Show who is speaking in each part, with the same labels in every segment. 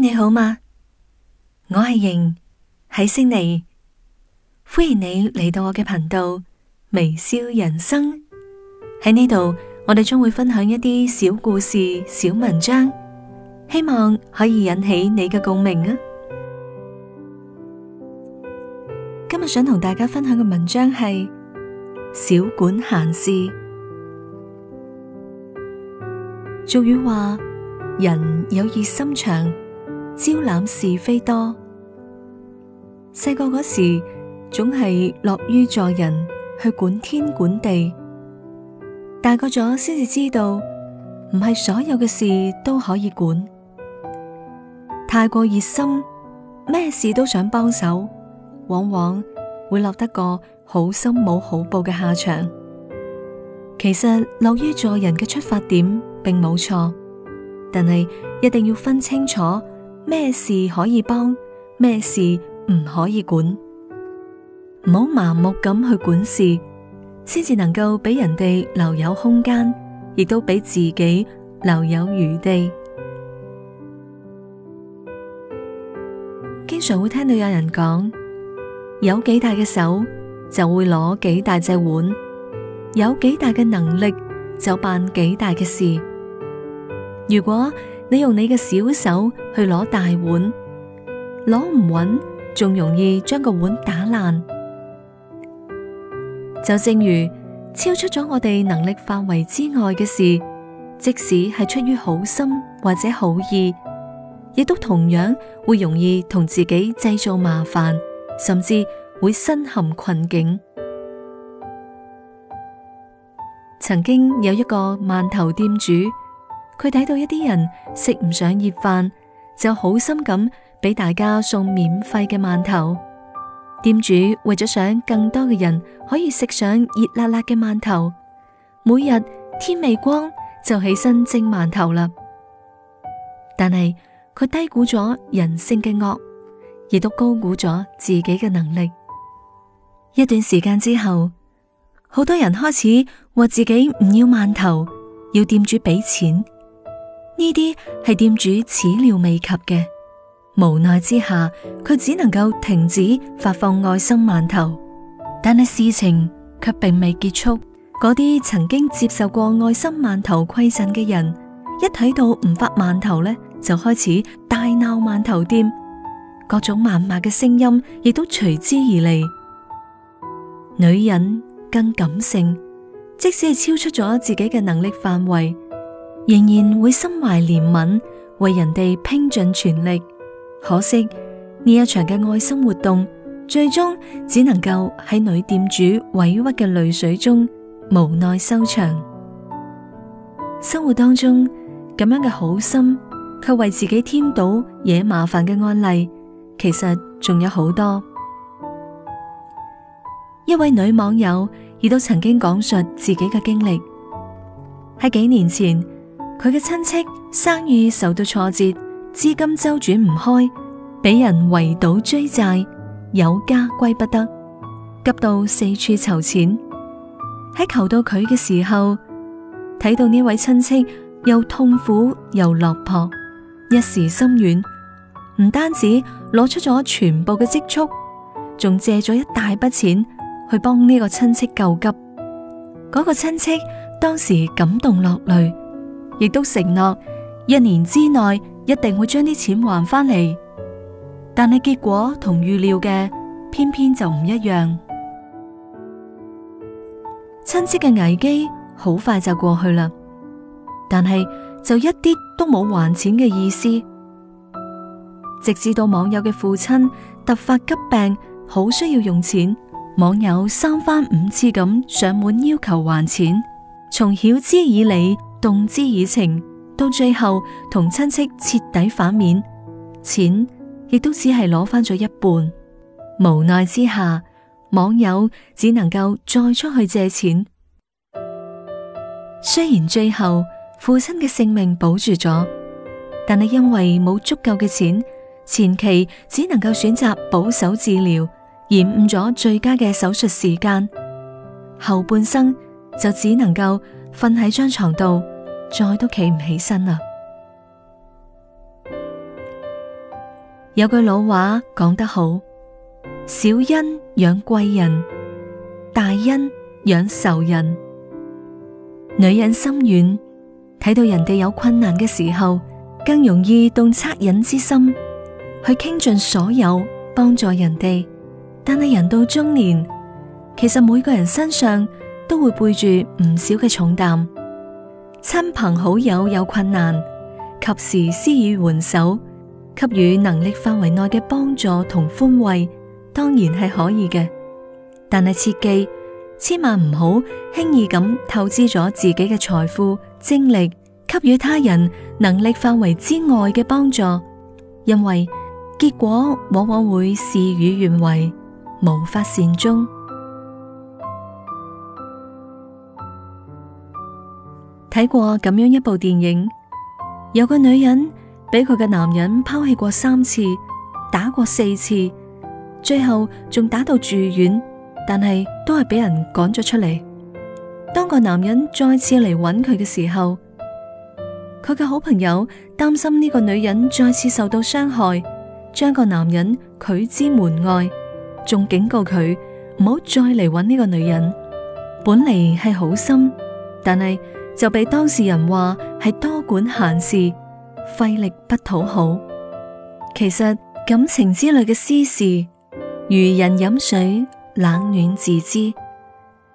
Speaker 1: 你好嗎？我係瑩喺悉尼，歡迎你嚟到我嘅頻道微笑人生。喺呢度，我哋將會分享一啲小故事、小文章，希望可以引起你嘅共鳴啊！今日想同大家分享嘅文章係少管閒事。俗語話：人有熱心腸。招攬是非多，細個嗰時總係樂於助人，去管天管地，大個咗先至知道唔係所有嘅事都可以管。太過熱心，咩事都想幫手，往往會落得個好心冇好報嘅下場。其實樂於助人嘅出發點並冇錯，但係一定要分清楚。咩事可以幫，咩事唔可以管，唔好盲目咁去管事，先至能夠俾人哋留有空間，亦都俾自己留有餘地。經常會聽到有人講：有幾大嘅手，就會攞幾大隻碗；有幾大嘅能力，就辦幾大嘅事。如果你用你嘅小手去攞大碗，攞唔穩，仲容易將個碗打爛。就正如超出咗我哋能力範圍之外嘅事，即使係出於好心或者好意，亦都同樣會容易同自己製造麻煩，甚至會身陷困境。曾經有一個饅頭店主。佢睇到一啲人食唔上熱飯，就好心咁俾大家送免費嘅饅頭。店主為咗想更多嘅人可以食上熱辣辣嘅饅頭，每日天未光就起身蒸饅頭啦。但係佢低估咗人性嘅惡，亦都高估咗自己嘅能力。一段時間之後，好多人開始話自己唔要饅頭，要店主俾錢。呢啲係店主始料未及嘅，無奈之下，佢只能夠停止發放愛心饅頭。但係事情卻並未結束，嗰啲曾經接受過愛心饅頭饋贈嘅人，一睇到唔發饅頭呢，就開始大鬧饅頭店，各種謾罵嘅聲音亦都隨之而嚟。女人更感性，即使係超出咗自己嘅能力範圍。仍然會心懷憐憫，為人哋拼盡全力。可惜呢一場嘅愛心活動，最終只能夠喺女店主委屈嘅淚水中無奈收場。生活當中咁樣嘅好心，卻為自己添到惹麻煩嘅案例，其實仲有好多。一位女網友亦都曾經講述自己嘅經歷，喺幾年前。佢嘅親戚生意受到挫折，資金周轉唔開，俾人圍堵追債，有家歸不得，急到四處籌錢。喺求到佢嘅時候，睇到呢位親戚又痛苦又落魄，一時心軟，唔單止攞出咗全部嘅積蓄，仲借咗一大筆錢去幫呢個親戚救急。嗰個親戚當時感動落淚。亦都承諾一年之內一定會將啲錢還翻嚟，但係結果同預料嘅偏偏就唔一樣。親戚嘅危機好快就過去啦，但係就一啲都冇還錢嘅意思。直至到網友嘅父親突發急病，好需要用錢，網友三番五次咁上門要求還錢，從曉之以理。動之以情，到最後同親戚徹底反面，錢亦都只係攞翻咗一半。無奈之下，網友只能夠再出去借錢。雖然最後父親嘅性命保住咗，但係因為冇足夠嘅錢，前期只能夠選擇保守治療，延誤咗最佳嘅手術時間，後半生就只能夠。瞓喺張床度，再都企唔起身啦。有句老話講得好：小恩養貴人，大恩養仇人。女人心軟，睇到人哋有困難嘅時候，更容易動惻隱之心，去傾盡所有幫助人哋。但係人到中年，其實每個人身上，都會背住唔少嘅重擔，親朋好友有困難，及時施以援手，給予能力範圍內嘅幫助同寬慰，當然係可以嘅。但係切記，千萬唔好輕易咁透支咗自己嘅財富、精力，給予他人能力範圍之外嘅幫助，因爲結果往往會事與願違，無法善終。睇過咁樣一部電影，有個女人俾佢嘅男人拋棄過三次，打過四次，最後仲打到住院，但係都係俾人趕咗出嚟。當個男人再次嚟揾佢嘅時候，佢嘅好朋友擔心呢個女人再次受到傷害，將個男人拒之門外，仲警告佢唔好再嚟揾呢個女人。本嚟係好心，但係，就被當事人話係多管閒事，費力不討好。其實感情之類嘅私事，如人飲水，冷暖自知。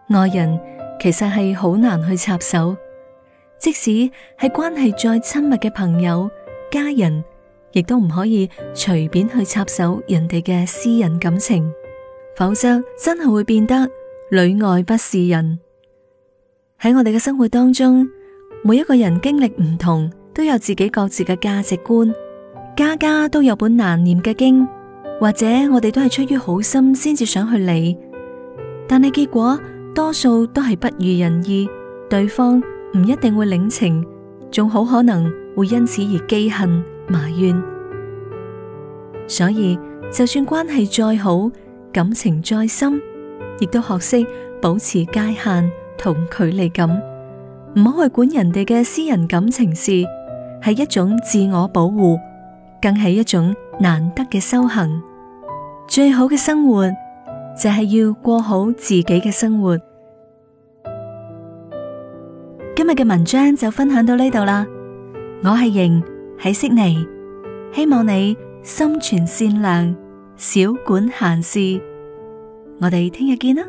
Speaker 1: 外人其實係好難去插手，即使係關係再親密嘅朋友、家人，亦都唔可以隨便去插手人哋嘅私人感情，否則真係會變得裡外不是人。喺我哋嘅生活當中，每一個人經歷唔同，都有自己各自嘅價值觀。家家都有本難唸嘅經，或者我哋都係出於好心先至想去理，但係結果多數都係不如人意，對方唔一定會領情，仲好可能會因此而記恨埋怨。所以，就算關係再好，感情再深，亦都學識保持界限。同距離感，唔好去管人哋嘅私人感情事，係一種自我保護，更係一種難得嘅修行。最好嘅生活就係要過好自己嘅生活。今日嘅文章就分享到呢度啦，我係瑩喺悉尼，希望你心存善良，少管閒事。我哋聽日見啦。